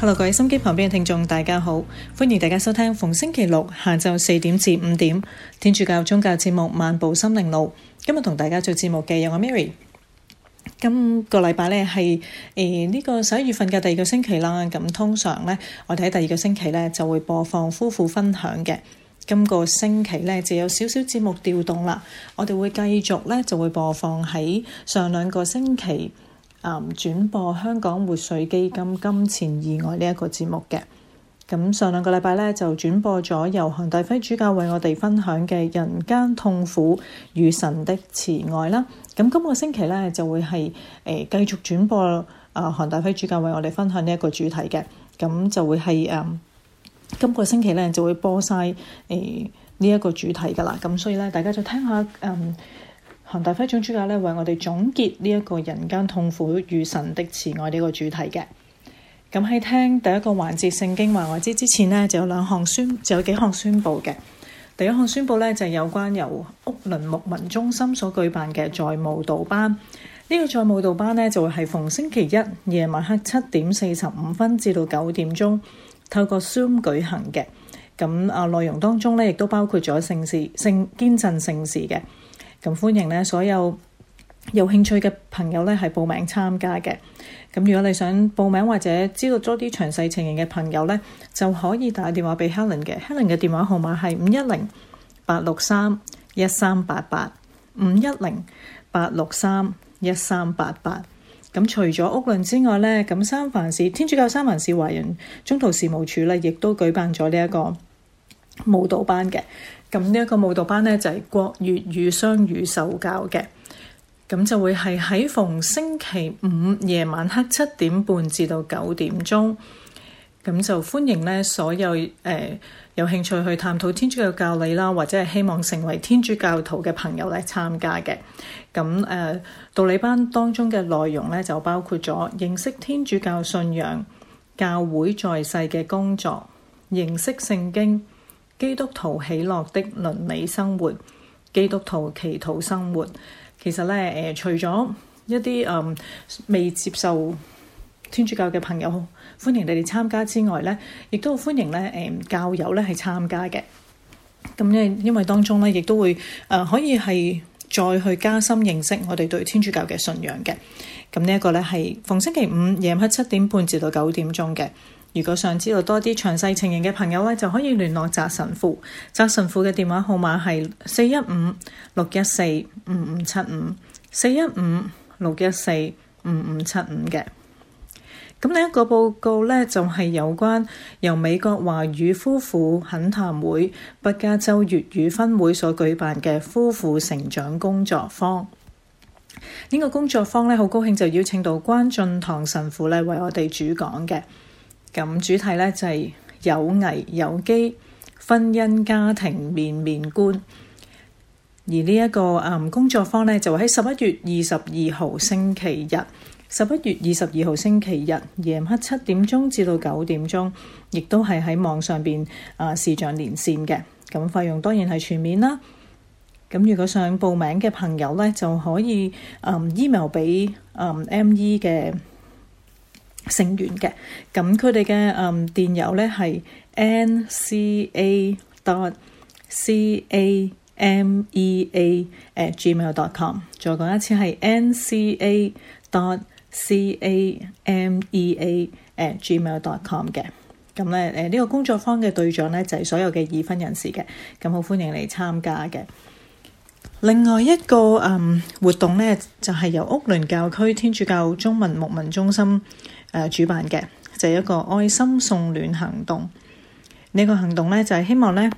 hello，各位心機旁邊嘅聽眾，大家好，歡迎大家收聽逢星期六下晝四點至五點天主教宗教節目《漫步心靈路》。今日同大家做節目嘅有我 Mary。今個禮拜咧係誒呢個十一月份嘅第二個星期啦。咁通常咧，我哋喺第二個星期咧就會播放夫婦分享嘅。今個星期咧就有少少節目調動啦。我哋會繼續咧就會播放喺上兩個星期。啊、嗯！轉播香港活水基金金錢意外呢一個節目嘅，咁上兩個禮拜呢，就轉播咗由韓大輝主教為我哋分享嘅《人間痛苦與神的慈愛》啦。咁今個星期呢，就會係誒、呃、繼續轉播啊、呃、韓大輝主教為我哋分享呢一個主題嘅，咁就會係誒、呃、今個星期呢，就會播晒誒呢一個主題㗎喇。咁所以呢，大家就聽下誒。呃韓大輝總主教咧為我哋總結呢、這、一個人間痛苦與神的慈愛呢一、這個主題嘅。咁、嗯、喺聽第一個環節聖經話我知之前呢，就有兩項宣，就有幾項宣佈嘅。第一項宣佈呢，就係、是、有關由屋倫牧民中心所舉辦嘅在慕道班。呢、這個在慕道班呢，就會係逢星期一夜晚黑七點四十五分至到九點鐘透過 Zoom 舉行嘅。咁啊內容當中呢，亦都包括咗聖事、聖堅振聖事嘅。咁歡迎咧，所有有興趣嘅朋友咧係報名參加嘅。咁如果你想報名或者知道多啲詳細情形嘅朋友咧，就可以打電話俾 Helen 嘅。Helen 嘅電話號碼係五一零八六三一三八八，五一零八六三一三八八。咁除咗屋崙之外咧，咁三藩市，天主教三藩市華人中途事務處咧，亦都舉辦咗呢一個舞蹈班嘅。咁呢一個舞蹈班呢，就係、是、國粵語雙語授教嘅，咁就會係喺逢星期五夜晚黑七點半至到九點鐘，咁就歡迎呢所有誒、呃、有興趣去探討天主教教理啦，或者係希望成為天主教徒嘅朋友嚟參加嘅。咁誒、呃，道理班當中嘅內容呢，就包括咗認識天主教信仰、教會在世嘅工作、認識聖經。基督徒喜樂的倫理生活，基督徒祈禱生活，其實咧誒、呃，除咗一啲誒、呃、未接受天主教嘅朋友，歡迎你哋參加之外咧，亦都好歡迎咧誒、呃、教友咧係參加嘅。咁、嗯、咧，因為當中咧亦都會誒、呃、可以係再去加深認識我哋對天主教嘅信仰嘅。咁、嗯這個、呢一個咧係逢星期五夜晚七點半至到九點鐘嘅。如果想知道多啲詳細情形嘅朋友咧，就可以聯絡宅神父。宅神父嘅電話號碼係四一五六一四五五七五四一五六一四五五七五嘅。咁另一個報告咧，就係、是、有關由美國華語夫婦懇談會北加州粵語分會所舉辦嘅夫婦成長工作坊。呢、這個工作坊咧，好高興就邀請到關進堂神父咧，為我哋主講嘅。咁主題呢就係有危有機、婚姻家庭面面觀，而呢一個啊工作坊呢就喺十一月二十二號星期日，十一月二十二號星期日夜晚黑七點鐘至到九點鐘，亦都係喺網上邊啊視像連線嘅。咁費用當然係全免啦。咁如果想報名嘅朋友呢，就可以啊 email 俾啊 ME 嘅。成員嘅，咁佢哋嘅誒電郵咧係 nca.dot.camea@gmail.com，再講一次係 nca.dot.camea@gmail.com 嘅。咁咧誒呢個工作坊嘅對象咧就係所有嘅已婚人士嘅，咁好歡迎你參加嘅。另外一個誒活動咧就係由屋崙教區天主教中文牧民中心。誒主辦嘅就係一個愛心送暖行動。呢個行動咧就係希望咧，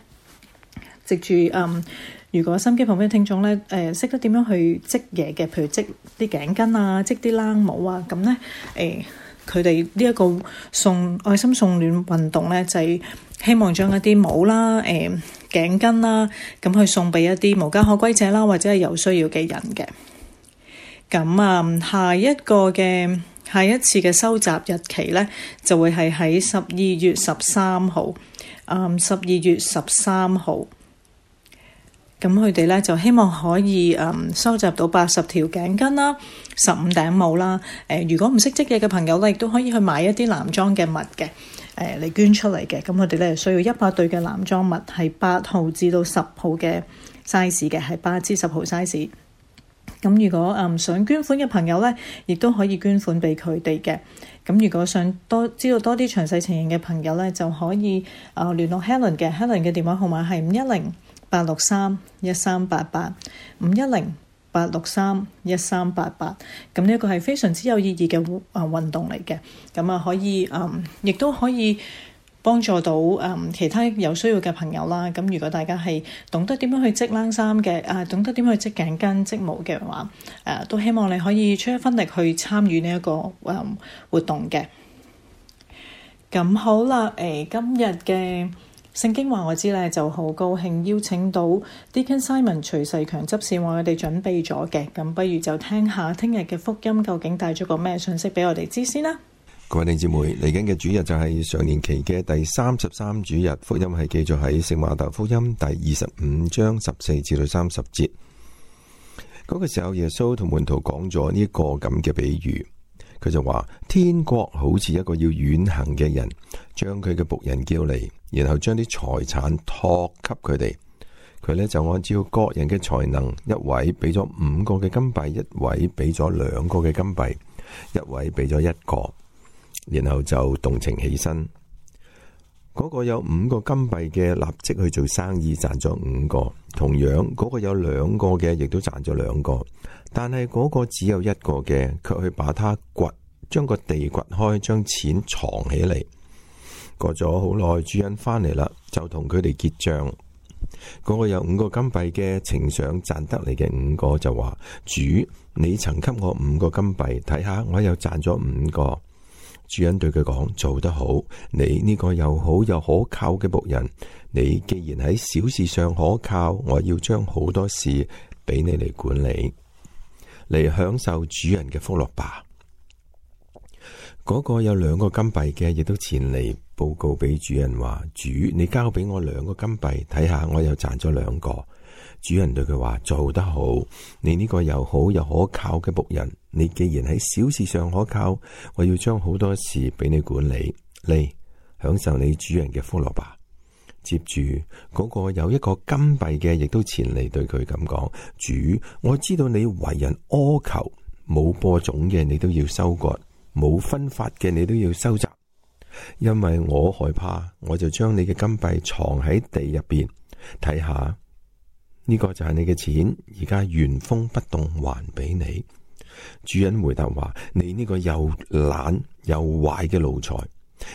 藉住誒，如果心機旁邊聽眾咧誒，識得點樣去織嘢嘅，譬如織啲頸巾啊，織啲冷帽啊，咁咧誒，佢哋呢一個送愛心送暖運動咧，就係希望將一啲帽啦、誒頸巾啦，咁去送俾一啲無家可歸者啦，或者係有需要嘅人嘅。咁啊，下一個嘅。下一次嘅收集日期呢，就會係喺十二月十三號。嗯、十二月十三號。咁佢哋呢就希望可以、嗯、收集到八十條頸巾啦、十五頂帽啦。呃、如果唔識織嘢嘅朋友咧，亦都可以去買一啲男裝嘅襪嘅，你、呃、捐出嚟嘅。咁佢哋咧需要一百對嘅男裝襪，係八號至到十號嘅 size 嘅，係八至十號 size。咁如果嗯想捐款嘅朋友咧，亦都可以捐款俾佢哋嘅。咁如果想多知道多啲詳細情形嘅朋友咧，就可以啊聯絡 Helen 嘅 Helen 嘅電話號碼係五一零八六三一三八八五一零八六三一三八八。咁呢一個係非常之有意義嘅啊運動嚟嘅。咁啊可以嗯，亦都可以。嗯幫助到、嗯、其他有需要嘅朋友啦。咁如果大家係懂得點樣去織冷衫嘅，啊懂得點樣去織頸巾、織毛嘅話，誒、啊、都希望你可以出一分力去參與呢、這、一個、嗯、活動嘅。咁好啦，誒、欸、今日嘅聖經話我知咧，就好高興邀請到 Deacon Simon 徐世強執事為我哋準備咗嘅。咁不如就聽下聽日嘅福音，究竟帶咗個咩信息畀我哋知先啦。各位弟兄姊妹，嚟緊嘅主日就係常年期嘅第三十三主日，福音係記載喺聖馬竇福音第二十五章十四至到三十節。嗰、那個時候，耶穌同門徒講咗呢一個咁嘅比喻，佢就話：天國好似一個要遠行嘅人，將佢嘅僕人叫嚟，然後將啲財產託給佢哋。佢呢就按照各人嘅才能，一位俾咗五個嘅金幣，一位俾咗兩個嘅金幣，一位俾咗一個。然後就動情起身，嗰個有五個金幣嘅立即去做生意，賺咗五個。同樣嗰個有兩個嘅，亦都賺咗兩個。但係嗰個只有一個嘅，卻去把它掘，將個地掘開，將錢藏起嚟。過咗好耐，主人返嚟啦，就同佢哋結賬。嗰個有五個金幣嘅，呈上賺得嚟嘅五個就話：主，你曾給我五個金幣，睇下我又賺咗五個。主人對佢講：做得好，你呢個又好又可靠嘅僕人，你既然喺小事上可靠，我要將好多事俾你嚟管理，嚟享受主人嘅福樂吧。嗰個有兩個金幣嘅，亦都前嚟報告俾主人話：主，你交俾我兩個金幣，睇下我又賺咗兩個。主人對佢話，做得好，你呢個又好又可靠嘅僕人，你既然喺小事上可靠，我要將好多事俾你管理，嚟享受你主人嘅福樂吧。接住嗰個有一個金幣嘅，亦都前嚟對佢咁講：主，我知道你為人苛求，冇播種嘅你都要收割，冇分發嘅你都要收集，因為我害怕，我就將你嘅金幣藏喺地入邊睇下。呢個就係你嘅錢，而家原封不動還俾你。主人回答話：你呢個又懶又壞嘅奴才，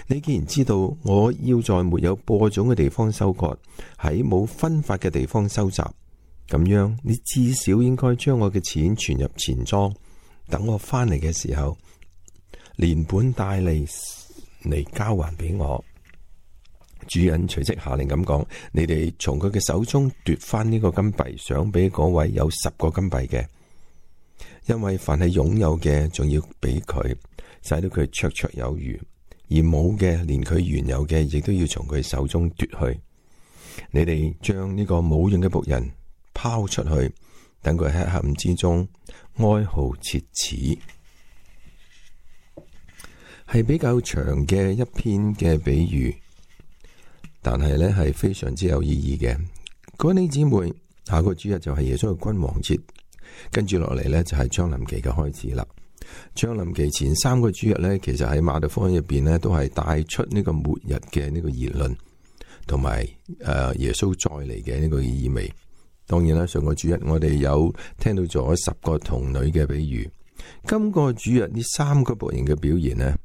你既然知道我要在沒有播種嘅地方收割，喺冇分發嘅地方收集，咁樣你至少應該將我嘅錢存入錢莊，等我返嚟嘅時候連本帶利嚟交還俾我。主人隨即下令咁講：你哋從佢嘅手中奪返呢個金幣，想俾嗰位有十個金幣嘅。因為凡係擁有嘅，仲要俾佢，使到佢綽綽有餘；而冇嘅，連佢原有嘅，亦都要從佢手中奪去。你哋將呢個冇用嘅僕人拋出去，等佢喺黑暗之中哀號切齒。係比較長嘅一篇嘅比喻。但係咧，係非常之有意義嘅。各位姊妹，下個主日就係耶穌嘅君王節，跟住落嚟咧就係將臨期嘅開始啦。將臨期前三個主日咧，其實喺馬太福音入邊咧，都係帶出呢個末日嘅呢個言論，同埋誒耶穌再嚟嘅呢個意味。當然啦，上個主日我哋有聽到咗十個童女嘅比喻。今個主日呢三個僕人嘅表現呢，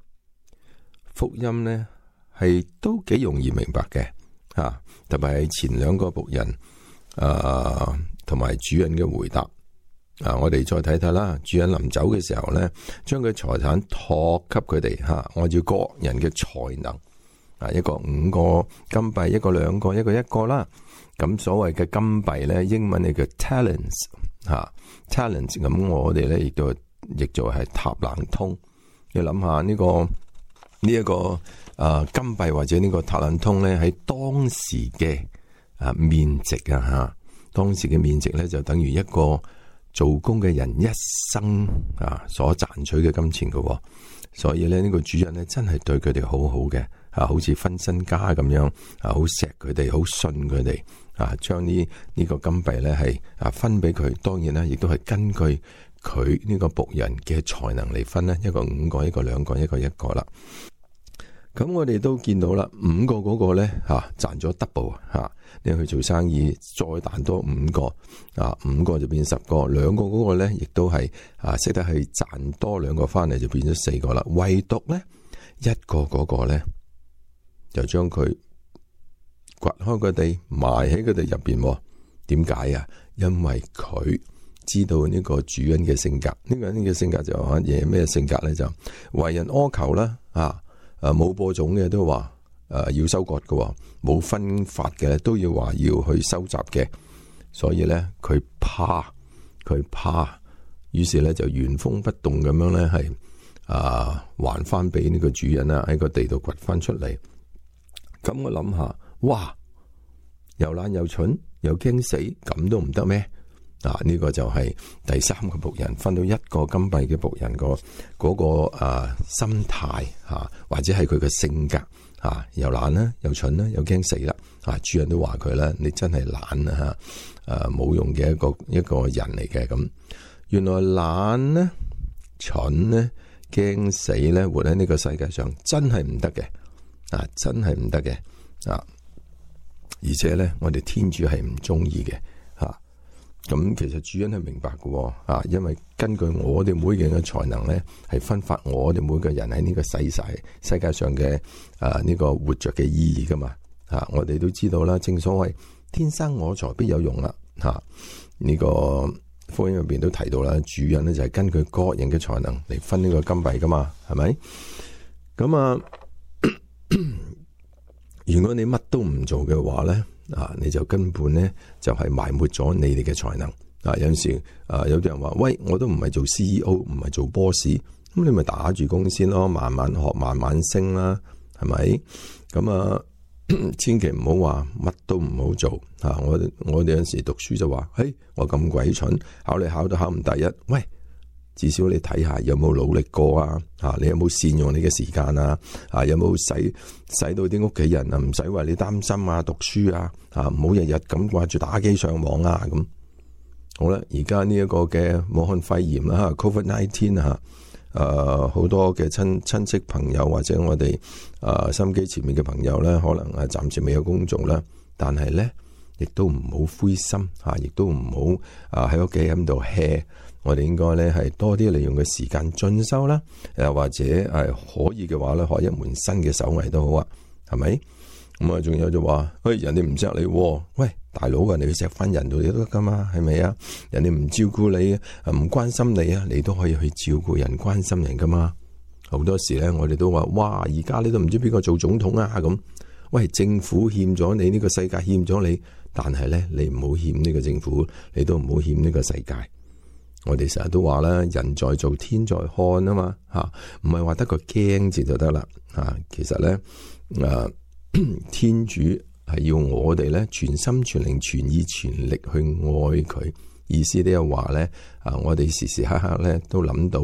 福音呢。係都幾容易明白嘅，啊，特別係前兩個僕人，啊，同埋主人嘅回答，啊，我哋再睇睇啦。主人臨走嘅時候咧，將佢財產託給佢哋，吓、啊，按照各人嘅才能，啊，一個五個金幣，一個兩個，一個一個啦。咁、啊、所謂嘅金幣咧，英文係叫 talents，吓、啊、，talents。咁 tal、啊、我哋咧亦都亦就係塔冷通，你諗下呢個呢一個。這個啊，金幣或者呢個塔冷通咧，喺當時嘅啊面值啊吓，當時嘅面值咧就等於一個做工嘅人一生啊所賺取嘅金錢嘅，所以咧呢個主人咧真係對佢哋好好嘅，啊好似分身家咁樣，啊好錫佢哋，好信佢哋，啊將呢呢個金幣咧係啊分俾佢，當然咧亦都係根據佢呢個僕人嘅才能嚟分咧，一個五個，一個兩個，一個一個啦。咁我哋都見到啦，五個嗰個咧吓，賺咗 double 吓，你去做生意再賺多五個啊，五個就變十個，兩個嗰個咧亦都係啊識得去賺多兩個翻嚟就變咗四個啦。唯獨咧一個嗰個咧就將佢掘開個地埋喺佢哋入邊，點解啊？因為佢知道呢個主人嘅性格，呢個人嘅性格就係乜嘢咩性格咧？就為人苛求啦啊！誒，冇播種嘅都話，誒、呃、要收割嘅，冇分發嘅都要話要去收集嘅，所以咧佢怕，佢怕，於是咧就原封不動咁樣咧係，啊、呃、還翻俾呢個主人啦，喺個地度掘翻出嚟。咁我諗下，哇，又懶又蠢又驚死，咁都唔得咩？嗱，呢、啊呢個就係第三個僕人，分到一個金幣嘅僕人，嗰個嗰個誒心態吓，啊，或者係佢嘅性格吓，啊，又懶啦，又蠢啦，又驚死啦，吓、啊、主人都話佢啦，你真係懶啊，誒冇用嘅一個一個人嚟嘅咁。原來懶呢、蠢呢、驚死咧，活喺呢個世界上真係唔得嘅，啊，真係唔得嘅啊，而且咧，我哋天主係唔中意嘅。咁其實主人係明白嘅，啊，因為根據我哋每個人嘅才能咧，係分發我哋每個人喺呢個世世世界上嘅誒呢個活着嘅意義噶嘛，吓、啊、我哋都知道啦，正所謂天生我才必有用啦、啊，吓、啊、呢、這個福音入邊都提到啦，主人咧就係根據各人嘅才能嚟分呢個金幣噶嘛，係咪？咁啊， 如果你乜都唔做嘅話咧？啊！你就根本呢，就係、是、埋沒咗你哋嘅才能啊！有陣時啊，有啲人話，喂，我都唔係做 CEO，唔係做 boss，咁、嗯、你咪打住工先咯，慢慢學，慢慢升啦，係咪？咁啊，嗯、啊 千祈唔好話乜都唔好做吓、啊。我我哋有陣時讀書就話，誒，我咁鬼蠢，考你考都考唔第一，喂！至少你睇下有冇努力過啊！嚇，你有冇善用你嘅時間啊？嚇、啊，有冇使使到啲屋企人啊？唔使為你擔心啊，讀書啊，嚇，唔好日日咁掛住打機上網啊咁。好啦，而家呢一個嘅武漢肺炎啊 COVID-19 啊，誒、啊、好多嘅親親戚朋友或者我哋誒收音機前面嘅朋友咧，可能係、啊、暫時未有工作啦，但係咧亦都唔好灰心嚇，亦、啊、都唔好啊喺屋企喺度 hea 我哋應該咧係多啲利用嘅時間進修啦，又或者係可以嘅話咧，學一門新嘅手藝都好啊，係咪？咁啊，仲有就話，喂，人哋唔錫你，喂大佬，啊你去錫翻人哋都得噶嘛，係咪啊？人哋唔照顧你啊，唔關心你啊，你都可以去照顧人、關心人噶嘛。好多時咧，我哋都話，哇，而家你都唔知邊個做總統啊？咁，喂，政府欠咗你呢個世界欠咗你，但係咧，你唔好欠呢個政府，你都唔好欠呢個世界。我哋成日都話啦，人在做，天在看啊！嘛吓，唔係話得個驚字就得啦吓。其實咧，誒、啊， 天主係要我哋咧全心全靈全意全力去愛佢。意思都係話咧啊，我哋時時刻刻咧都諗到，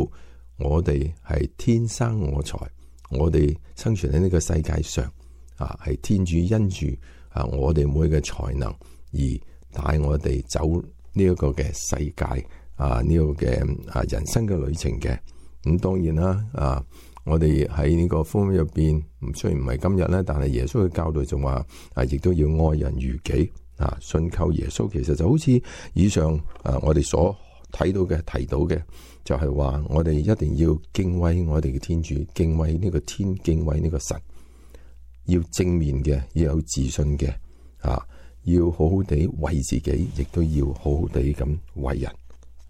我哋係天生我材，我哋生存喺呢個世界上啊，係天主因住啊我哋每個才能而帶我哋走呢一個嘅世界。啊！呢個嘅啊，人生嘅旅程嘅咁，嗯，當然啦，啊。啊，我哋喺呢個福音入邊，唔雖然唔係今日咧，但係耶穌嘅教導仲話啊，亦都要愛人如己啊。信靠耶穌，其實就好似以上啊，我哋所睇到嘅提到嘅，就係話我哋一定要敬畏我哋嘅天主，敬畏呢個天，敬畏呢個神，要正面嘅，要有自信嘅啊，要好好地為自己，亦都要好好地咁為人。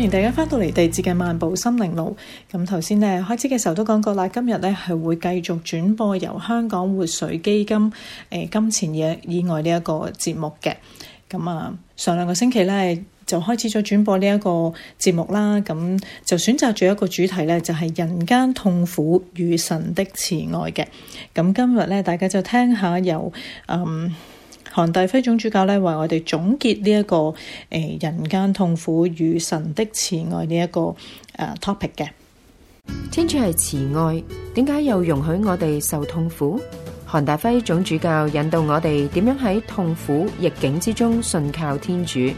歡迎大家翻到嚟地接嘅漫步心靈路。咁頭先咧開始嘅時候都講過啦，今日咧係會繼續轉播由香港活水基金誒、呃、金錢以外，呢一個節目嘅。咁啊，上兩個星期咧就開始咗轉播呢一個節目啦。咁就選擇咗一個主題咧，就係、是、人間痛苦與神的慈愛嘅。咁今日咧，大家就聽下由嗯。韓大輝總主教咧為我哋總結呢一個誒人間痛苦與神的慈愛呢一個誒 topic 嘅。天主係慈愛，點解又容許我哋受痛苦？韓大輝總主教引導我哋點樣喺痛苦逆境之中信靠天主，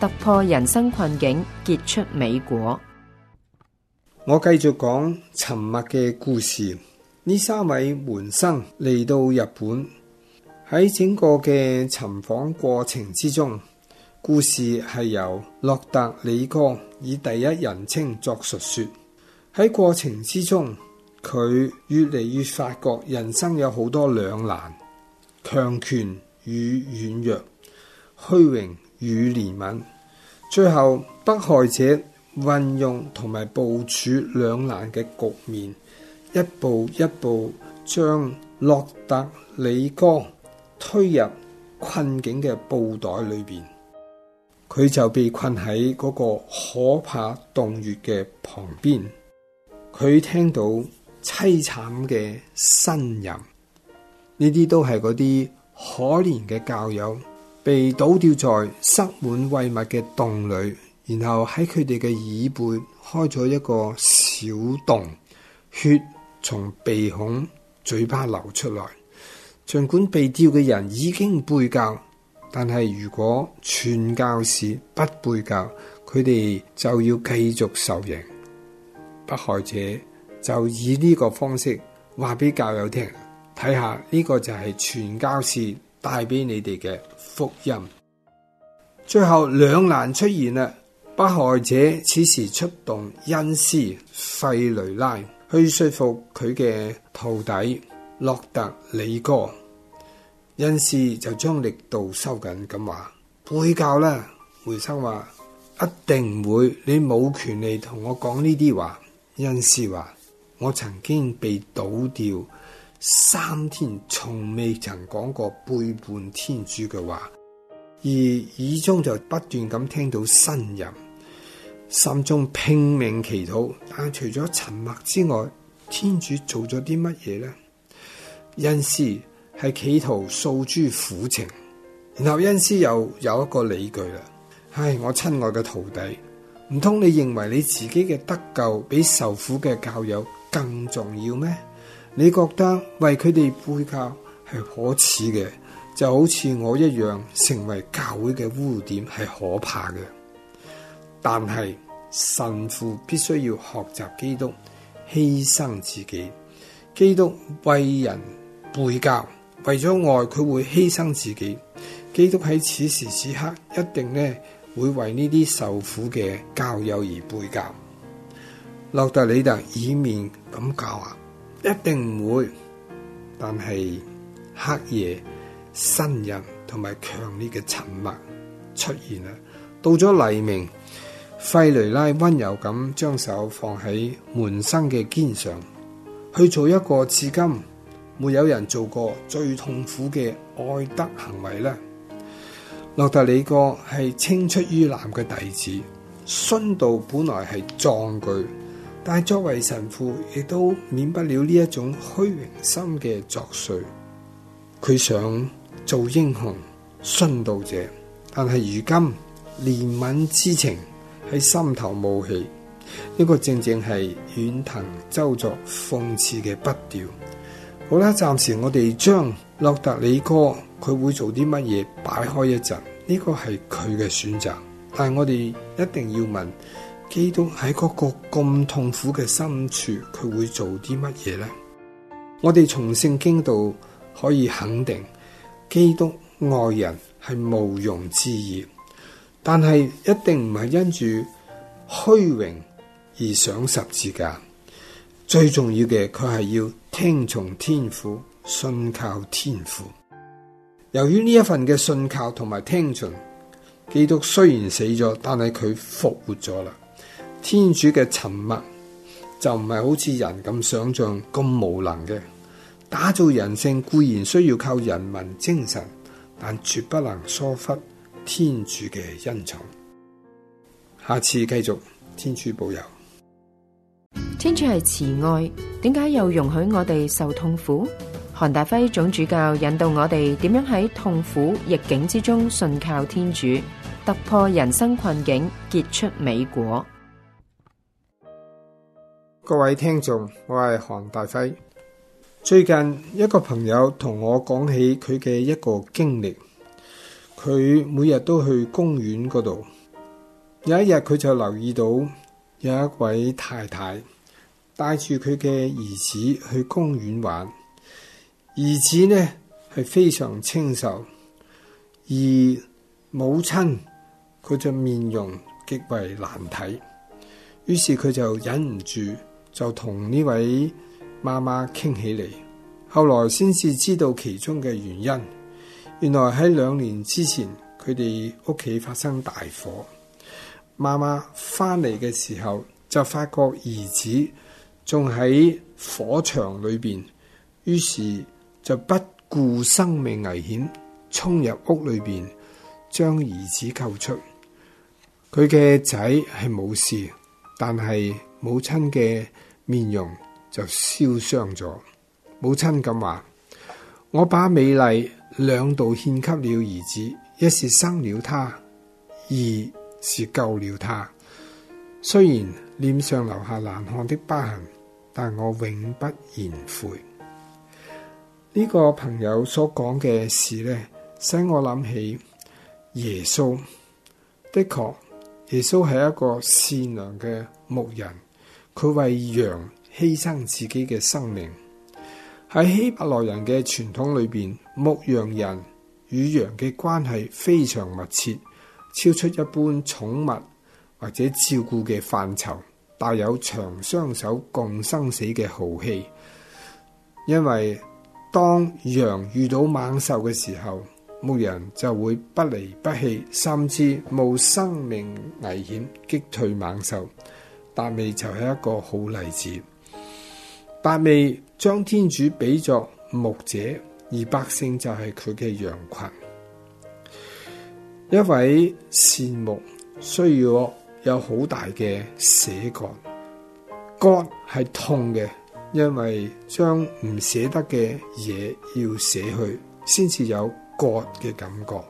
突破人生困境，結出美果。我繼續講沉默嘅故事。呢三位門生嚟到日本。喺整個嘅尋訪過程之中，故事係由洛特里江以第一人稱作述説。喺過程之中，佢越嚟越發覺人生有好多兩難，強權與軟弱，虛榮與憐憫。最後，迫害者運用同埋部署兩難嘅局面，一步一步將洛特里江推入困境嘅布袋裏邊，佢就被困喺嗰個可怕洞穴嘅旁邊。佢聽到淒慘嘅呻吟，呢啲都係嗰啲可憐嘅教友被倒掉在塞滿穢物嘅洞裏，然後喺佢哋嘅耳背開咗一個小洞，血從鼻孔、嘴巴流出來。儘管被吊嘅人已經背教，但係如果傳教士不背教，佢哋就要繼續受刑。迫害者就以呢個方式話俾教友聽，睇下呢個就係傳教士帶俾你哋嘅福音。最後兩難出現啦，迫害者此時出動恩師費雷拉去說服佢嘅徒弟。洛特李哥，恩師就將力度收緊咁話背教啦。回生話一定唔會，你冇權利同我講呢啲話。恩師話我曾經被倒掉三天，從未曾講過背叛天主嘅話，而耳中就不斷咁聽到呻吟，心中拼命祈禱，但除咗沉默之外，天主做咗啲乜嘢咧？恩師係企圖訴諸苦情，然後恩師又有一個理據啦。唉，我親愛嘅徒弟，唔通你認為你自己嘅得救比受苦嘅教友更重要咩？你覺得為佢哋背教係可恥嘅，就好似我一樣成為教會嘅污點係可怕嘅。但係神父必須要學習基督，犧牲自己，基督為人。背教，為咗愛佢會犧牲自己。基督喺此時此刻一定咧，會為呢啲受苦嘅教友而背教。諾特里特以面咁教啊，一定唔會。但係黑夜、呻吟同埋強烈嘅沉默出現啦。到咗黎明，費雷拉温柔咁將手放喺門生嘅肩上，去做一個至今。沒有人做過最痛苦嘅愛德行為呢？諾達里哥係青出於藍嘅弟子，殉道本來係壯舉，但係作為神父亦都免不了呢一種虛榮心嘅作祟。佢想做英雄殉道者，但係如今憐憫之情喺心頭冒起，呢、這個正正係遠藤周作諷刺嘅筆調。好啦，暫時我哋將諾達李哥佢會做啲乜嘢擺開一陣，呢個係佢嘅選擇。但係我哋一定要問基督喺嗰個咁痛苦嘅深處，佢會做啲乜嘢呢？我哋從聖經度可以肯定，基督愛人係毋庸置疑，但係一定唔係因住虛榮而上十字架。最重要嘅佢係要。聽從天父，信靠天父。由於呢一份嘅信靠同埋聽從，基督雖然死咗，但係佢復活咗啦。天主嘅沉默就唔係好似人咁想象咁無能嘅，打造人性固然需要靠人民精神，但絕不能疏忽天主嘅恩寵。下次繼續，天主保佑。天主係慈愛，點解又容許我哋受痛苦？韓大輝總主教引導我哋點樣喺痛苦逆境之中信靠天主，突破人生困境，結出美果。各位聽眾，我係韓大輝。最近一個朋友同我講起佢嘅一個經歷，佢每日都去公園嗰度。有一日，佢就留意到有一位太太。帶住佢嘅兒子去公園玩，兒子呢係非常清秀，而母親佢就面容極為難睇。於是佢就忍唔住就同呢位媽媽傾起嚟。後來先至知道其中嘅原因，原來喺兩年之前佢哋屋企發生大火，媽媽翻嚟嘅時候就發覺兒子。仲喺火場裡邊，於是就不顧生命危險，衝入屋裡邊，將兒子救出。佢嘅仔係冇事，但係母親嘅面容就燒傷咗。母親咁話：「我把美麗兩度獻給了兒子，一是生了他，二是救了他。雖然。臉上留下難看的疤痕，但我永不言悔。呢個朋友所講嘅事呢，使我諗起耶穌。的確，耶穌係一個善良嘅牧人，佢為羊犧牲自己嘅生命。喺希伯來人嘅傳統裏邊，牧羊人與羊嘅關係非常密切，超出一般寵物或者照顧嘅範疇。帶有長雙手共生死嘅豪氣，因為當羊遇到猛獸嘅時候，牧羊就會不離不棄，甚至冒生命危險擊退猛獸。達味就係一個好例子。達味將天主比作牧者，而百姓就係佢嘅羊群。一位羨慕需要。有好大嘅捨割，割係痛嘅，因為將唔捨得嘅嘢要捨去，先至有割嘅感覺。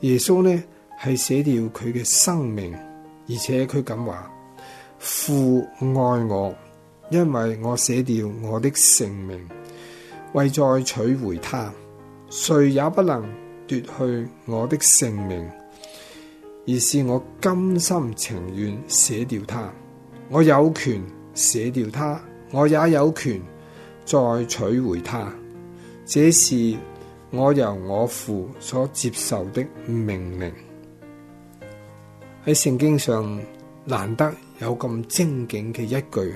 耶穌呢係捨掉佢嘅生命，而且佢咁話，父愛我，因為我捨掉我的性命，為再取回它，誰也不能奪去我的性命。而是我甘心情願捨掉它，我有權捨掉它，我也有權再取回它。這是我由我父所接受的命令。喺聖經上難得有咁精警嘅一句，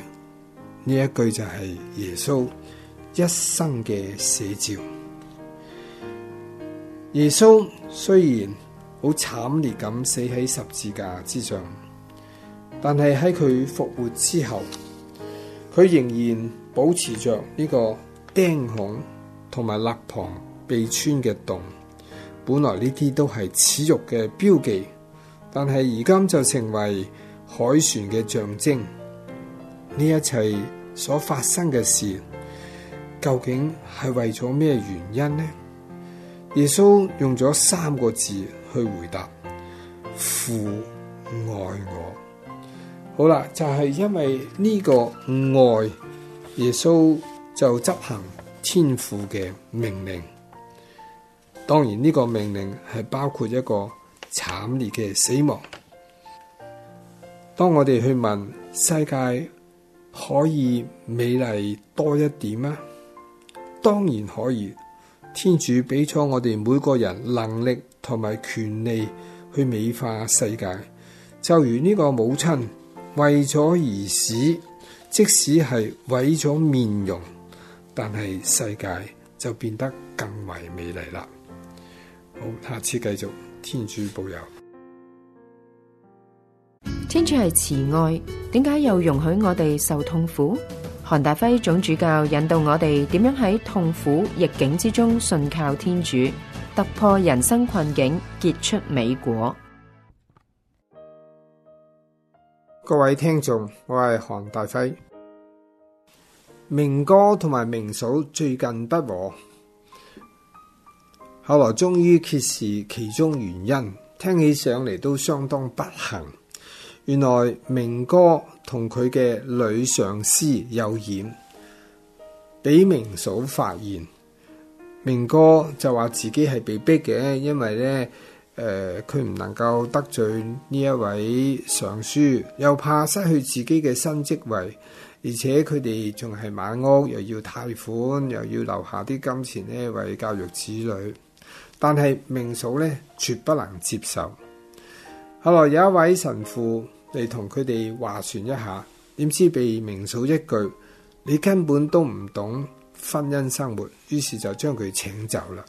呢一句就係耶穌一生嘅寫照。耶穌雖然。好慘烈咁死喺十字架之上，但係喺佢復活之後，佢仍然保持着呢個釘孔同埋肋旁被穿嘅洞。本來呢啲都係恥辱嘅標記，但係而今就成為海船嘅象徵。呢一切所發生嘅事，究竟係為咗咩原因呢？耶穌用咗三個字。去回答父愛我好啦，就係因為呢個愛，耶穌就執行天父嘅命令。當然呢個命令係包括一個慘烈嘅死亡。當我哋去問，世界可以美麗多一點嗎？當然可以。天主俾咗我哋每個人能力。同埋權利去美化世界，就如呢個母親為咗兒子，即使係毀咗面容，但係世界就變得更為美麗啦。好，下次繼續，天主保佑。天主係慈愛，點解又容許我哋受痛苦？韓大輝總主教引導我哋點樣喺痛苦逆境之中信靠天主。突破人生困境，結出美果。各位聽眾，我係韓大輝。明哥同埋明嫂最近不和，後來終於揭示其中原因，聽起上嚟，都相當不幸。原來明哥同佢嘅女上司有染，俾明嫂發現。明哥就話自己係被逼嘅，因為咧，誒、呃，佢唔能夠得罪呢一位上書，又怕失去自己嘅新職位，而且佢哋仲係買屋，又要貸款，又要留下啲金錢呢為教育子女。但係明嫂咧絕不能接受。後來有一位神父嚟，同佢哋話算一下，點知被明嫂一句，你根本都唔懂。婚姻生活，於是就將佢請走啦。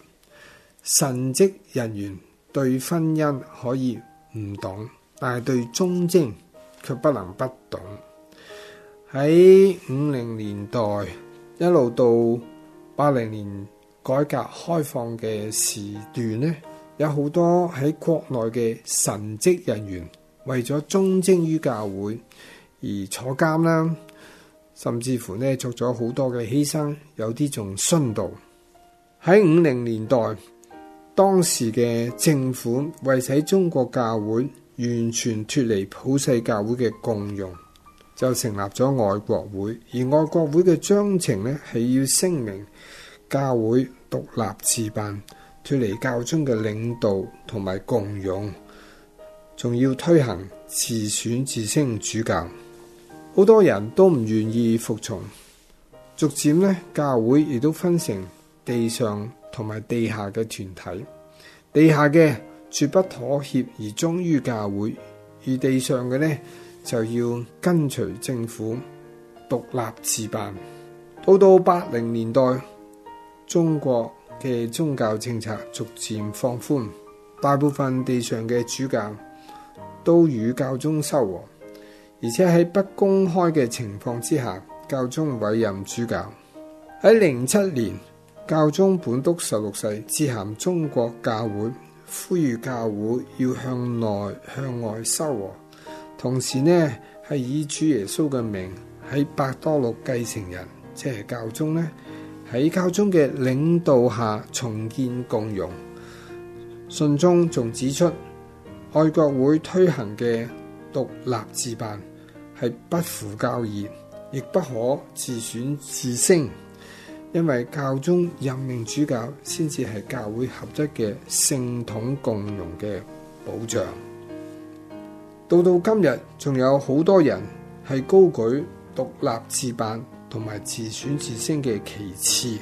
神職人員對婚姻可以唔懂，但係對忠貞卻不能不懂。喺五零年代一路到八零年改革開放嘅時段呢，有好多喺國內嘅神職人員為咗忠貞於教會而坐監啦。甚至乎呢，作咗好多嘅犧牲，有啲仲殉道。喺五零年代，當時嘅政府為使中國教會完全脫離普世教會嘅共融，就成立咗愛國會。而愛國會嘅章程呢，係要聲明教會獨立自辦，脫離教宗嘅領導同埋共融，仲要推行自選自聖主教。好多人都唔願意服從，逐漸呢教會亦都分成地上同埋地下嘅團體。地下嘅絕不妥協而忠於教會，而地上嘅呢，就要跟隨政府，獨立自辦。到到八零年代，中國嘅宗教政策逐漸放寬，大部分地上嘅主教都與教宗修和。而且喺不公開嘅情況之下，教宗委任主教。喺零七年，教宗本篤十六世致函中國教會，呼籲教會要向內向外修和，同時呢係以主耶穌嘅名，喺伯多祿繼承人即係教宗呢喺教宗嘅領導下重建共融。信中仲指出，愛國會推行嘅獨立自辦，係不符教義，亦不可自選自聖，因為教宗任命主教先至係教會合一嘅聖統共融嘅保障。到到今日，仲有好多人係高舉獨立自辦同埋自選自聖嘅旗幟。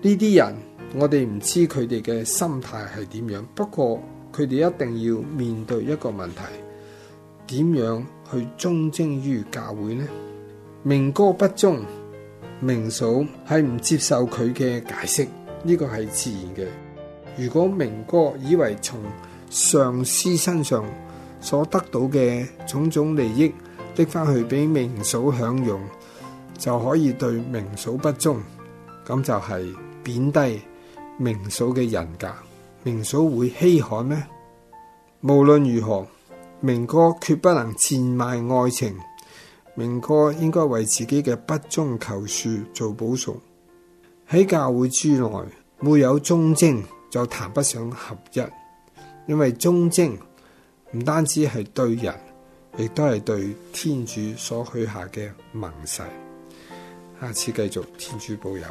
呢啲人我哋唔知佢哋嘅心態係點樣，不過佢哋一定要面對一個問題：點樣？去忠貞於教會呢？明哥不忠，明嫂係唔接受佢嘅解釋，呢個係自然嘅。如果明哥以為從上司身上所得到嘅種種利益，拎翻去俾明嫂享用，就可以對明嫂不忠，咁就係貶低明嫂嘅人格，明嫂會稀罕咩？無論如何。明哥決不能賤賣愛情，明哥應該為自己嘅不忠求恕做補贖。喺教會之內，沒有忠貞就談不上合一，因為忠貞唔單止係對人，亦都係對天主所許下嘅盟誓。下次繼續，天主保佑。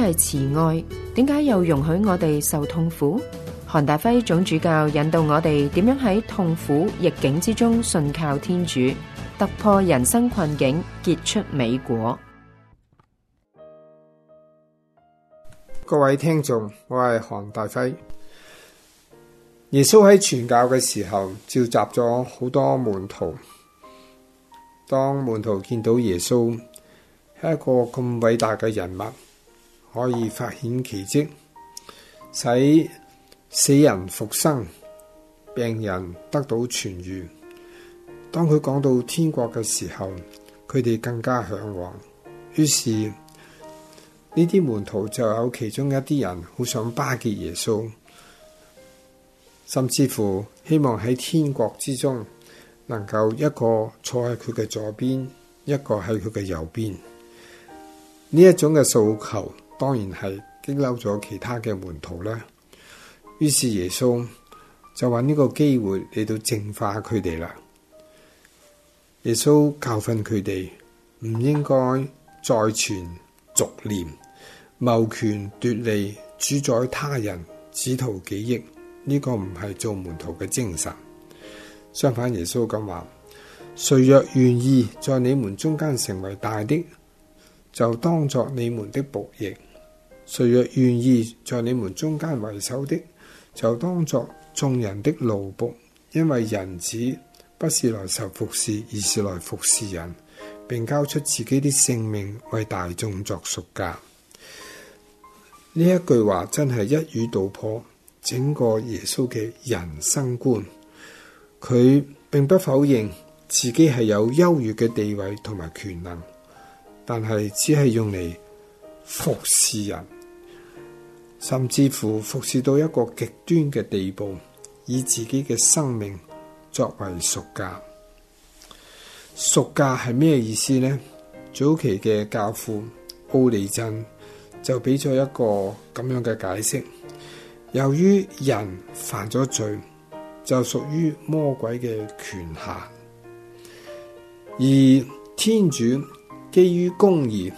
係慈愛，點解又容許我哋受痛苦？韓大輝總主教引導我哋點樣喺痛苦逆境之中信靠天主，突破人生困境，結出美果。各位聽眾，我係韓大輝。耶穌喺傳教嘅時候召集咗好多門徒。當門徒見到耶穌係一個咁偉大嘅人物。可以發顯奇迹，使死人復生，病人得到痊愈。當佢講到天國嘅時候，佢哋更加向往。於是，呢啲門徒就有其中一啲人好想巴結耶穌，甚至乎希望喺天國之中能夠一個坐喺佢嘅左邊，一個喺佢嘅右邊。呢一種嘅訴求。當然係激嬲咗其他嘅門徒啦。於是耶穌就話呢個機會嚟到淨化佢哋啦。耶穌教訓佢哋唔應該再傳逐念、謀權奪利、主宰他人、只圖己益。呢、這個唔係做門徒嘅精神。相反耶穌，耶穌咁話：誰若願意在你們中間成為大的，就當作你們的僕役。」誰若願意在你們中間為首的，就當作眾人的奴僕，因為人子不是來受服侍，而是來服侍人，並交出自己的性命為大眾作贖價。呢一句話真係一語道破整個耶穌嘅人生觀。佢並不否認自己係有優越嘅地位同埋權能，但係只係用嚟。服侍人，甚至乎服侍到一個極端嘅地步，以自己嘅生命作為贖價。贖價係咩意思呢？早期嘅教父奧利振就俾咗一個咁樣嘅解釋：由於人犯咗罪，就屬於魔鬼嘅權下，而天主基於公義。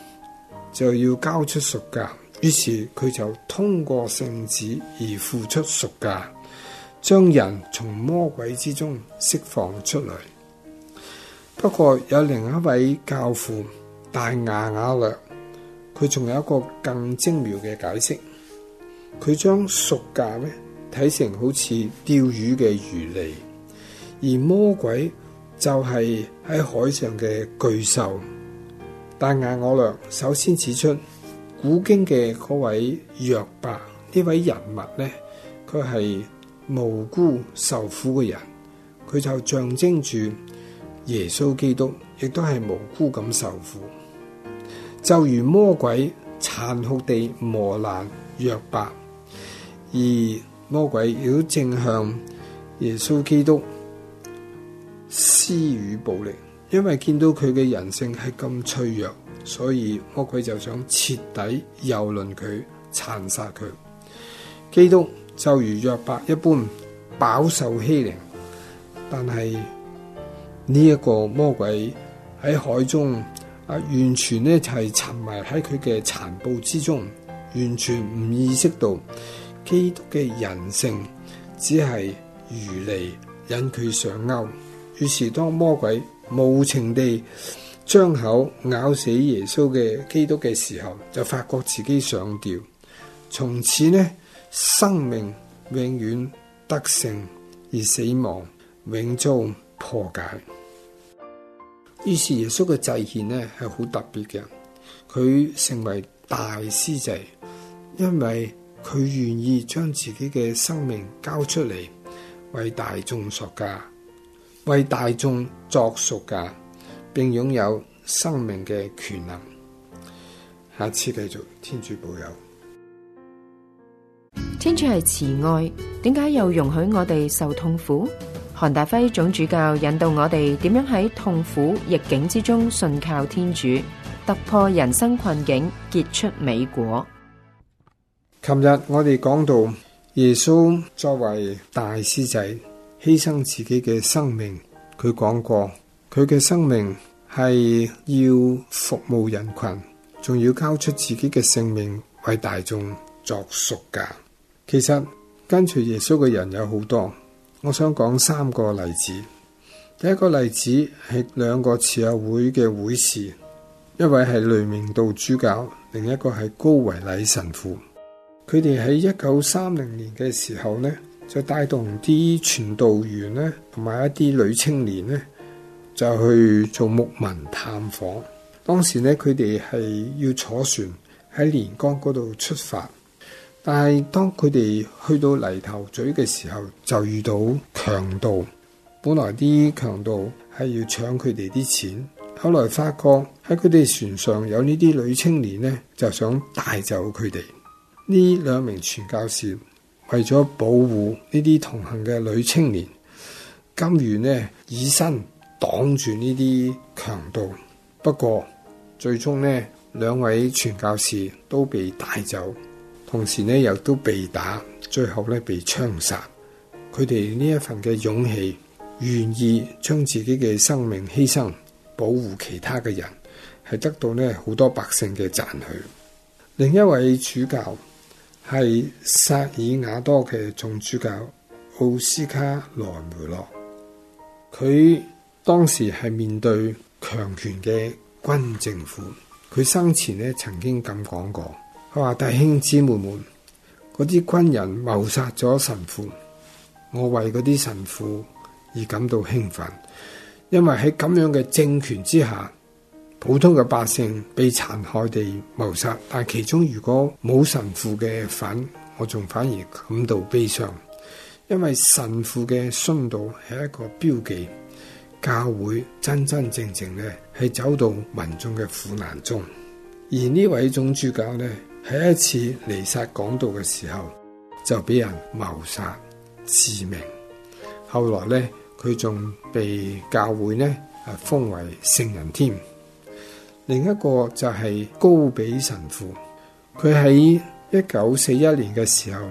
就要交出贖價，於是佢就通過聖旨而付出贖價，將人從魔鬼之中釋放出來。不過有另一位教父大亞瓦略，佢仲有一個更精妙嘅解釋，佢將贖價咧睇成好似釣魚嘅魚餌，而魔鬼就係喺海上嘅巨獸。大額我略首先指出，古經嘅嗰位若伯呢位人物咧，佢係無辜受苦嘅人，佢就象徵住耶穌基督，亦都係無辜咁受苦。就如魔鬼殘酷地磨難若伯，而魔鬼亦都正向耶穌基督施予暴力。因為見到佢嘅人性係咁脆弱，所以魔鬼就想徹底蹂躪佢，殘殺佢。基督就如約伯一般飽受欺凌，但係呢一個魔鬼喺海中啊，完全呢，就係沉迷喺佢嘅殘暴之中，完全唔意識到基督嘅人性只係如嚟引佢上鈎。於是當魔鬼，無情地張口咬死耶穌嘅基督嘅時候，就發覺自己上吊，從此呢，生命永遠得勝，而死亡永遭破解。於是耶穌嘅祭獻呢係好特別嘅，佢成為大司祭，因為佢願意將自己嘅生命交出嚟為大眾贖價。為大眾作屬噶，並擁有生命嘅權能。下次繼續，天主保佑。天主係慈愛，點解又容許我哋受痛苦？韓大輝總主教引導我哋點樣喺痛苦逆境之中信靠天主，突破人生困境，結出美果。琴日我哋講到耶穌作為大師仔。犧牲自己嘅生命，佢講過，佢嘅生命係要服務人群，仲要交出自己嘅性命為大眾作贖㗎。其實跟隨耶穌嘅人有好多，我想講三個例子。第一個例子係兩個慈幼會嘅會士，一位係雷明道主教，另一個係高維禮神父。佢哋喺一九三零年嘅時候呢，就帶動啲傳道員咧，同埋一啲女青年咧，就去做牧民探訪。當時咧，佢哋係要坐船喺連江嗰度出發，但係當佢哋去到泥頭咀嘅時候，就遇到強盜。本來啲強盜係要搶佢哋啲錢，後來發覺喺佢哋船上有呢啲女青年咧，就想帶走佢哋呢兩名傳教士。為咗保護呢啲同行嘅女青年，甘願呢以身擋住呢啲強盜。不過最終呢兩位傳教士都被帶走，同時呢又都被打，最後呢被槍殺。佢哋呢一份嘅勇氣，願意將自己嘅生命犧牲，保護其他嘅人，係得到呢好多百姓嘅讚許。另一位主教，係薩爾瓦多嘅總主教奧斯卡羅梅洛，佢當時係面對強權嘅軍政府。佢生前咧曾經咁講過：佢話弟兄姊妹們，嗰啲軍人謀殺咗神父，我為嗰啲神父而感到興奮，因為喺咁樣嘅政權之下。普通嘅百姓被殘害地謀殺，但其中如果冇神父嘅份，我仲反而感到悲傷，因為神父嘅殉道係一個標記，教會真真正正咧係走到民眾嘅苦難中。而呢位總主教呢，喺一次彌撒講道嘅時候就俾人謀殺致命。後來呢，佢仲被教會咧誒封為聖人添。另一個就係高比神父，佢喺一九四一年嘅時候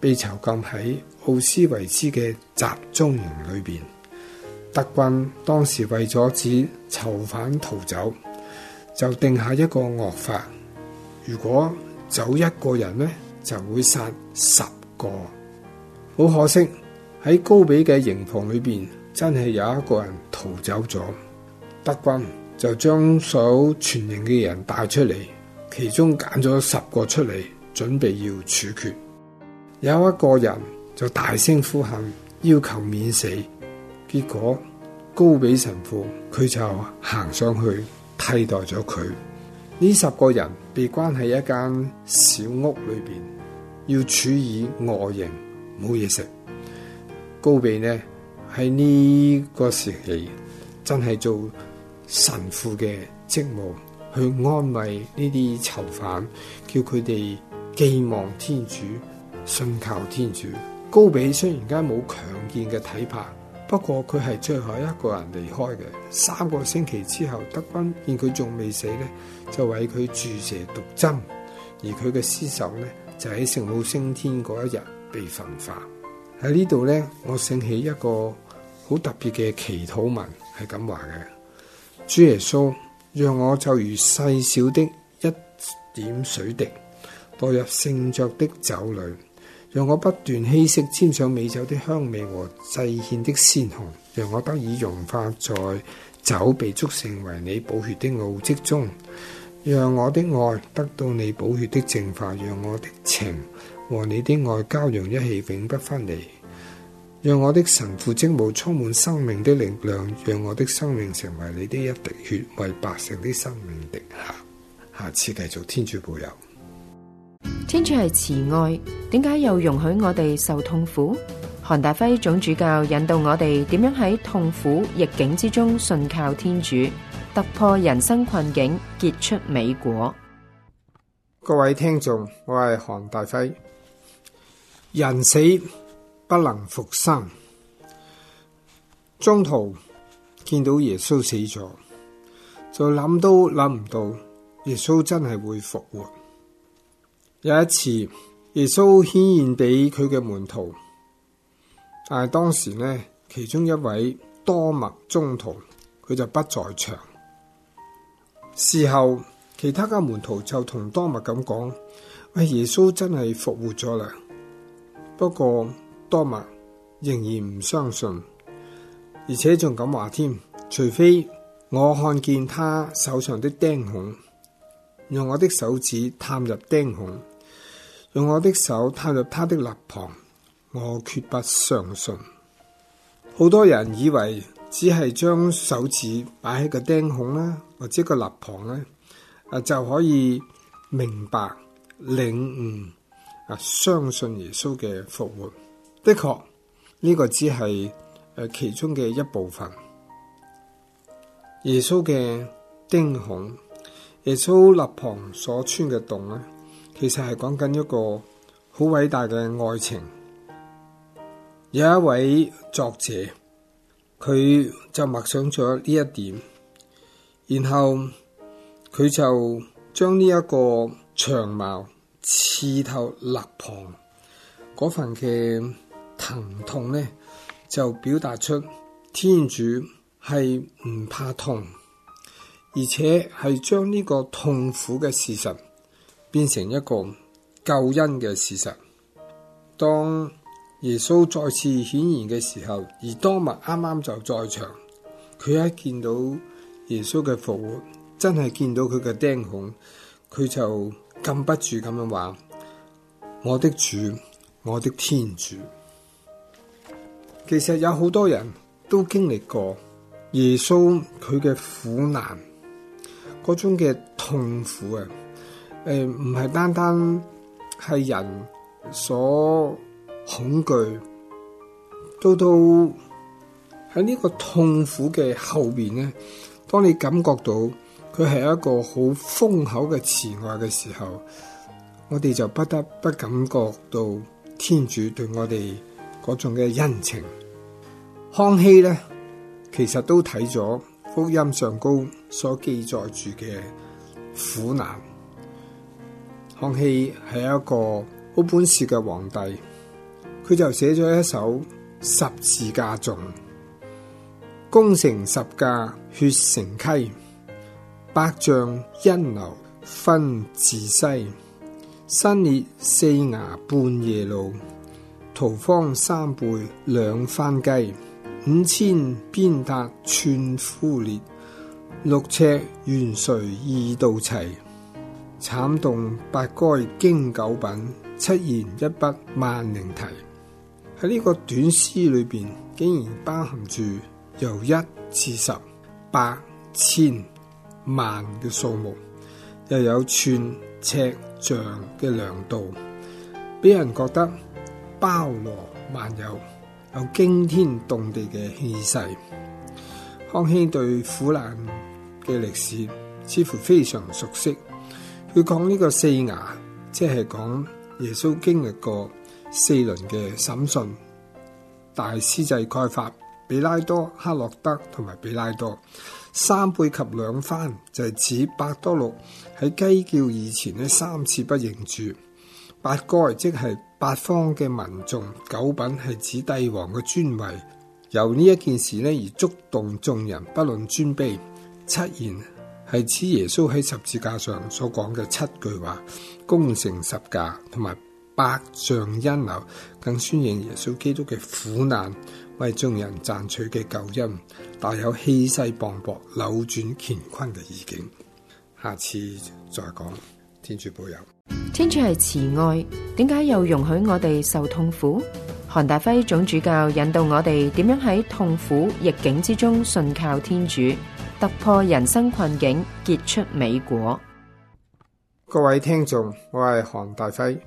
被囚禁喺奧斯維斯嘅集中營裏邊。德軍當時為阻止囚犯逃走，就定下一個惡法：如果走一個人呢，就會殺十個。好可惜喺高比嘅營房裏邊，真係有一個人逃走咗，德軍就將所有全營嘅人帶出嚟，其中揀咗十個出嚟，準備要處決。有一個人就大聲呼喊，要求免死。結果高比神父佢就行上去替代咗佢。呢十個人被關喺一間小屋裏邊，要處以餓刑，冇嘢食。高比呢喺呢個時期真係做。神父嘅職務去安慰呢啲囚犯，叫佢哋寄望天主，信靠天主。高比雖然而家冇強健嘅體魄，不過佢係最後一個人離開嘅。三個星期之後，德軍見佢仲未死咧，就為佢注射毒針。而佢嘅屍首咧就喺聖母升天嗰一日被焚化。喺呢度咧，我醒起一個好特別嘅祈禱文係咁話嘅。主耶穌，讓我就如細小的一點水滴，墮入聖爵的酒裏；讓我不斷稀釋沾上美酒的香味和祭獻的鮮紅；讓我得以融化在酒被祝聖為你補血的奧蹟中；讓我的愛得到你補血的淨化；讓我的情和你的愛交融一起，永不分離。讓我的神父精武，充滿生命的力量，讓我的生命成為你的一滴血，為百姓的生命滴下。下次繼續，天主保佑。天主係慈愛，點解又容許我哋受痛苦？韓大輝總主教引導我哋點樣喺痛苦逆境之中信靠天主，突破人生困境，結出美果。各位聽眾，我係韓大輝。人死不能復生，中途見到耶穌死咗，就諗都諗唔到耶穌真係會復活。有一次，耶穌顯現俾佢嘅門徒，但係當時呢，其中一位多默中徒，佢就不在場。事後，其他嘅門徒就同多默咁講：喂、哎，耶穌真係復活咗啦！不過。多默仍然唔相信，而且仲敢話添，除非我看見他手上的釘孔，用我的手指探入釘孔，用我的手探入他的肋旁，我決不相信。好多人以為只係將手指擺喺個釘孔啦，或者個肋旁咧，啊就可以明白、領悟啊相信耶穌嘅復活。的確呢、呢個只係誒其中嘅一部分。耶穌嘅釘孔，耶穌肋旁所穿嘅洞咧，其實係講緊一個好偉大嘅愛情。有一位作者，佢就默想咗呢一點，然後佢就將呢一個長矛刺透肋旁嗰份嘅。疼痛呢就表達出天主係唔怕痛，而且係將呢個痛苦嘅事實變成一個救恩嘅事實。當耶穌再次顯現嘅時候，而多默啱啱就在場，佢一見到耶穌嘅復活，真係見到佢嘅釘孔，佢就禁不住咁樣話：「我的主，我的天主。」其實有好多人都經歷過耶穌佢嘅苦難，嗰種嘅痛苦啊，誒唔係單單係人所恐懼，都都喺呢個痛苦嘅後邊咧。當你感覺到佢係一個好豐厚嘅慈愛嘅時候，我哋就不得不感覺到天主對我哋。嗰種嘅恩情，康熙呢，其實都睇咗福音上高所記載住嘅苦難。康熙係一個好本事嘅皇帝，佢就寫咗一首十字架頌，功成十架血成溪，百丈恩流分自西，新列四牙半夜路，桃方三倍兩番雞，五千邊搭寸枯裂，六尺懸垂二度齊，慘動八該經九品，七言一筆萬寧題。喺呢個短詩裏邊，竟然包含住由一至十八千萬嘅數目，又有寸、尺、丈嘅量度，俾人覺得。包羅萬有，有驚天動地嘅氣勢。康熙對苦難嘅歷史似乎非常熟悉。佢講呢個四牙，即係講耶穌經歷過四輪嘅審訊。大司祭蓋法、比拉多、黑落德同埋比拉多三倍及兩番，就係、是、指伯多祿喺雞叫以前咧三次不認主。八該即係八方嘅民眾，九品係指帝王嘅尊位。由呢一件事咧而觸動眾人，不論尊卑。七言係指耶穌喺十字架上所講嘅七句話，功成十架同埋百丈恩流，更宣揚耶穌基督嘅苦難為眾人賺取嘅救恩，帶有氣勢磅礴、扭轉乾坤嘅意境。下次再講，天主保佑。天主係慈愛，點解又容許我哋受痛苦？韓大輝總主教引導我哋點樣喺痛苦逆境之中信靠天主，突破人生困境，結出美果。各位聽眾，我係韓大輝。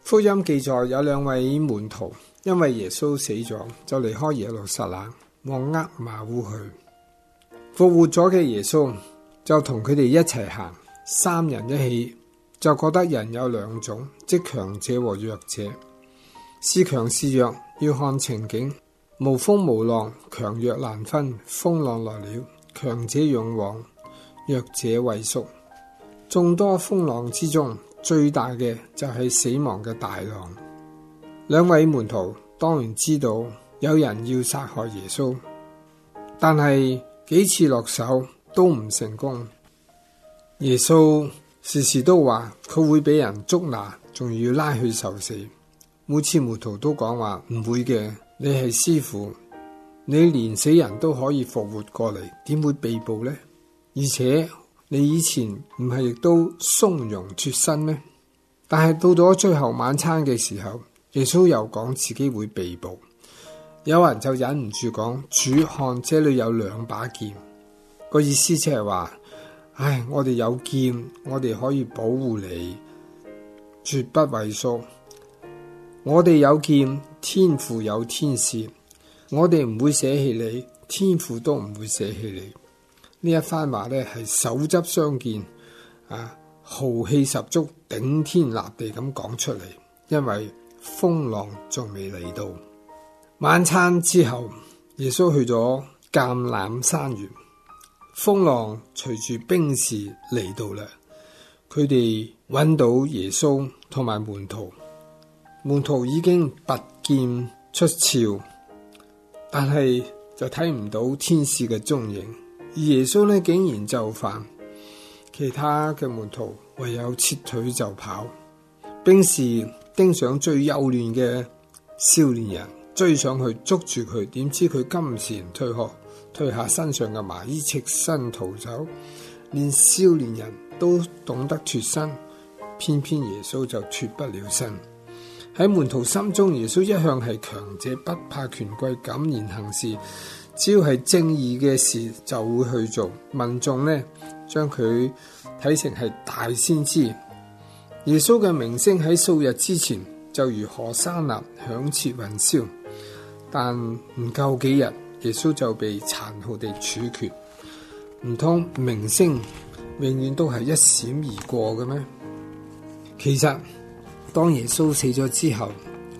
福音記載有兩位門徒，因為耶穌死咗，就離開耶路撒冷，往厄馬烏去，復活咗嘅耶穌就同佢哋一齊行，三人一起。就覺得人有兩種，即強者和弱者。是強是弱，要看情景。無風無浪，強弱難分；風浪來了，強者勇往，弱者畏縮。眾多風浪之中，最大嘅就係死亡嘅大浪。兩位門徒當然知道有人要殺害耶穌，但係幾次落手都唔成功。耶穌，時時都話佢會俾人捉拿，仲要拉去受死。每次門徒都講話唔會嘅，你係師傅，你連死人都可以復活過嚟，點會被捕呢？而且你以前唔係亦都鬆容脱身咩？但係到咗最後晚餐嘅時候，耶穌又講自己會被捕。有人就忍唔住講主看這裡有兩把劍，那個意思即係話。唉，我哋有劍，我哋可以保護你，絕不畏縮。我哋有劍，天父有天使，我哋唔會捨棄你，天父都唔會捨棄你。呢一番話咧係手執雙劍，啊，豪氣十足，頂天立地咁講出嚟，因為風浪仲未嚟到。晚餐之後，耶穌去咗橄欖山園。風浪隨住兵士嚟到啦，佢哋揾到耶穌同埋門徒，門徒已經拔劍出鞘，但係就睇唔到天使嘅蹤影。而耶穌呢，竟然就範，其他嘅門徒唯有撤退就跑。兵士盯上最幼嫩嘅少年人，追上去捉住佢，點知佢金蟬脫殼。退下身上嘅麻衣，赤身逃走。連少年人都懂得脱身，偏偏耶穌就脱不了身。喺門徒心中，耶穌一向係強者，不怕權貴，敢言行事。只要係正義嘅事，就會去做。民眾呢，將佢睇成係大先知。耶穌嘅名聲喺數日之前就如和散那，響徹雲霄。但唔夠幾日。耶穌就被殘酷地處決，唔通明星永遠都係一閃而過嘅咩？其實當耶穌死咗之後，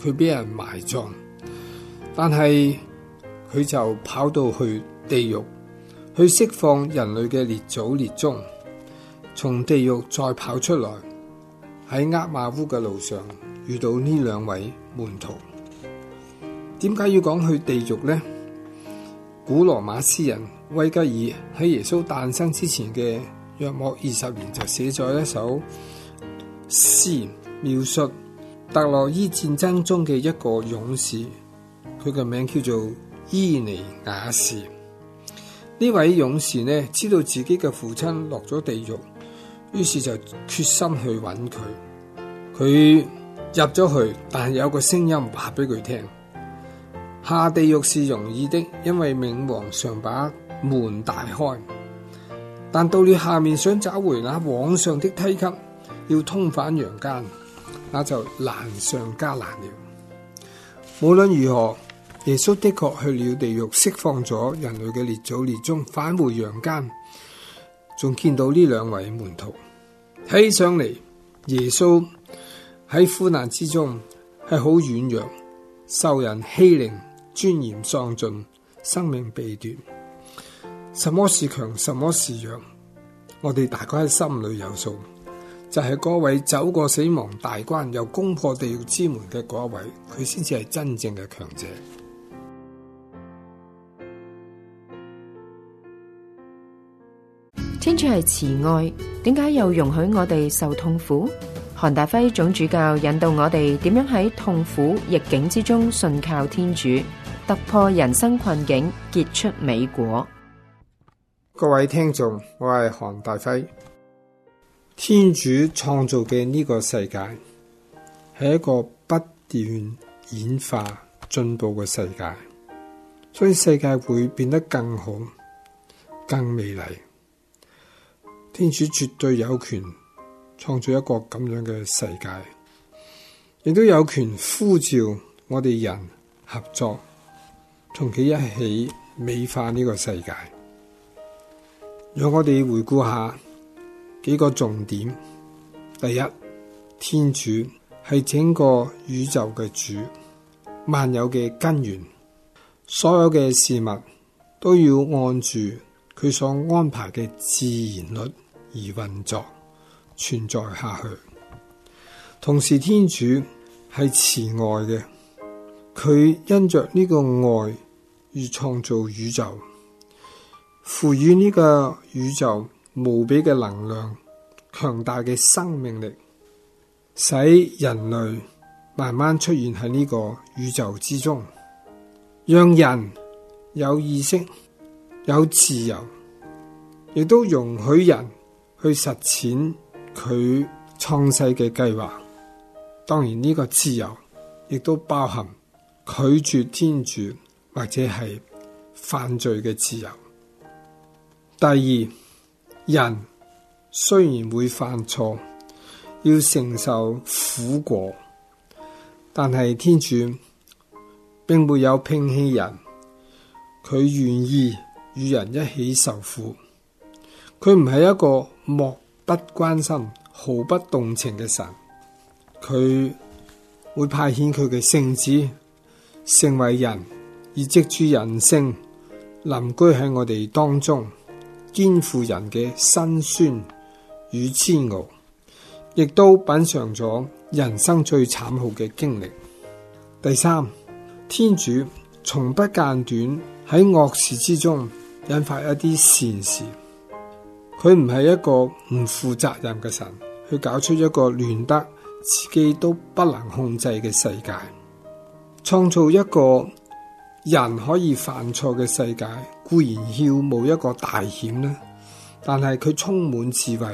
佢俾人埋葬，但係佢就跑到去地獄去釋放人類嘅列祖列宗，從地獄再跑出來喺厄瑪烏嘅路上遇到呢兩位門徒，點解要講去地獄呢？古羅馬詩人威吉爾喺耶穌誕生之前嘅約莫二十年就寫咗一首詩，描述特洛伊戰爭中嘅一個勇士，佢嘅名叫做伊尼雅士。呢位勇士呢，知道自己嘅父親落咗地獄，於是就決心去揾佢。佢入咗去，但係有個聲音話俾佢聽。下地獄是容易的，因為冥王常把門大開。但到了下面，想找回那往上的梯級，要通返陽間，那就難上加難了。無論如何，耶穌的確去了地獄，釋放咗人類嘅列祖列宗，返回陽間，仲見到呢兩位門徒。睇上嚟，耶穌喺苦難之中，係好軟弱，受人欺凌。尊嚴喪盡，生命被奪。什麼是強，什麼是弱？我哋大概喺心裏有數。就係、是、嗰位走過死亡大關，又攻破地獄之門嘅嗰位，佢先至係真正嘅強者。天主係慈愛，點解又容許我哋受痛苦？韓大輝總主教引導我哋點樣喺痛苦逆境之中信靠天主。突破人生困境，結出美果。各位聽眾，我係韓大輝。天主創造嘅呢個世界係一個不斷演化、進步嘅世界，所以世界會變得更好、更美麗。天主絕對有權創造一個咁樣嘅世界，亦都有權呼召我哋人合作。同佢一起美化呢個世界。讓我哋回顧下幾個重點。第一，天主係整個宇宙嘅主，萬有嘅根源，所有嘅事物都要按住佢所安排嘅自然律而運作，存在下去。同時，天主係慈愛嘅，佢因着呢個愛。而創造宇宙，賦予呢個宇宙無比嘅能量、強大嘅生命力，使人類慢慢出現喺呢個宇宙之中，讓人有意識、有自由，亦都容許人去實踐佢創世嘅計劃。當然，呢個自由亦都包含拒絕天主。或者係犯罪嘅自由。第二，人雖然會犯錯，要承受苦果，但係天主並沒有摒棄人，佢願意與人一起受苦，佢唔係一個漠不關心、毫不動情嘅神，佢會派遣佢嘅聖子成為人。而藉住人性，臨居喺我哋當中，肩負人嘅辛酸與煎熬，亦都品嘗咗人生最慘酷嘅經歷。第三，天主從不間斷喺惡事之中引發一啲善事，佢唔係一個唔負責任嘅神，去搞出一個亂得自己都不能控制嘅世界，創造一個。人可以犯錯嘅世界固然要冒一個大險咧，但係佢充滿智慧，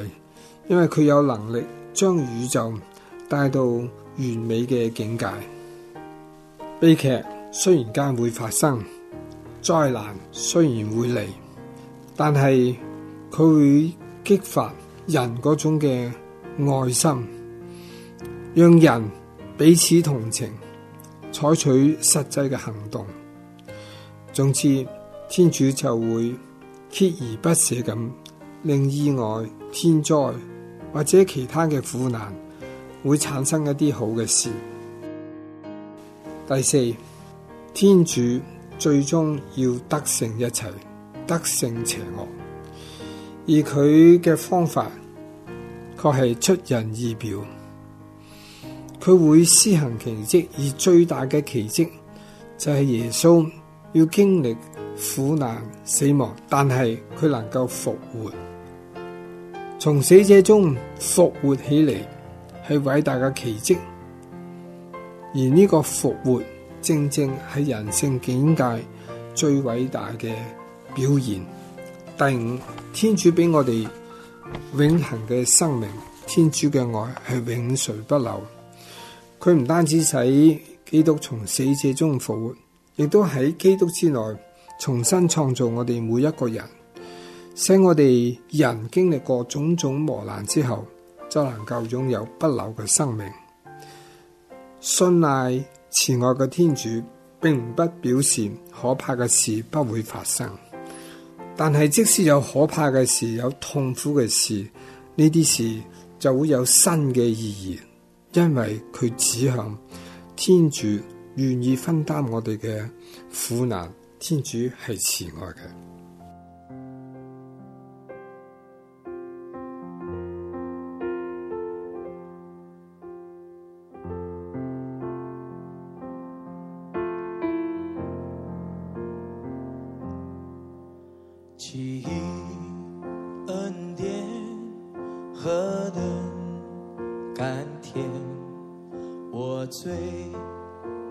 因為佢有能力將宇宙帶到完美嘅境界。悲劇雖然間會發生，災難雖然會嚟，但係佢會激發人嗰種嘅愛心，讓人彼此同情，採取實際嘅行動。總之，天主就會鍥而不捨咁令意外、天災或者其他嘅苦難會產生一啲好嘅事。第四，天主最終要得勝一切，得勝邪惡，而佢嘅方法卻係出人意表。佢會施行奇跡，而最大嘅奇跡就係耶穌。要經歷苦難、死亡，但係佢能夠復活，從死者中復活起嚟，係偉大嘅奇蹟。而呢個復活正正係人性境界最偉大嘅表現。第五，天主俾我哋永恆嘅生命，天主嘅愛係永垂不朽。佢唔單止使基督從死者中復活。亦都喺基督之內重新創造我哋每一個人，使我哋人經歷過種種磨難之後，就能夠擁有不朽嘅生命。信賴慈愛嘅天主，並不表示可怕嘅事不會發生，但係即使有可怕嘅事、有痛苦嘅事，呢啲事就會有新嘅意義，因為佢指向天主。願意分擔我哋嘅苦難，天主係慈愛嘅。 其恩典何等甘甜，我最。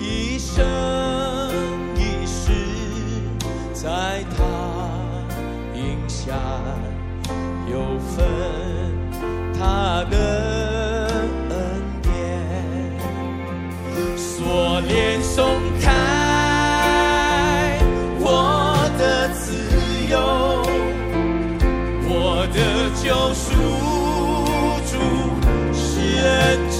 一生一世，在他影下有分他的。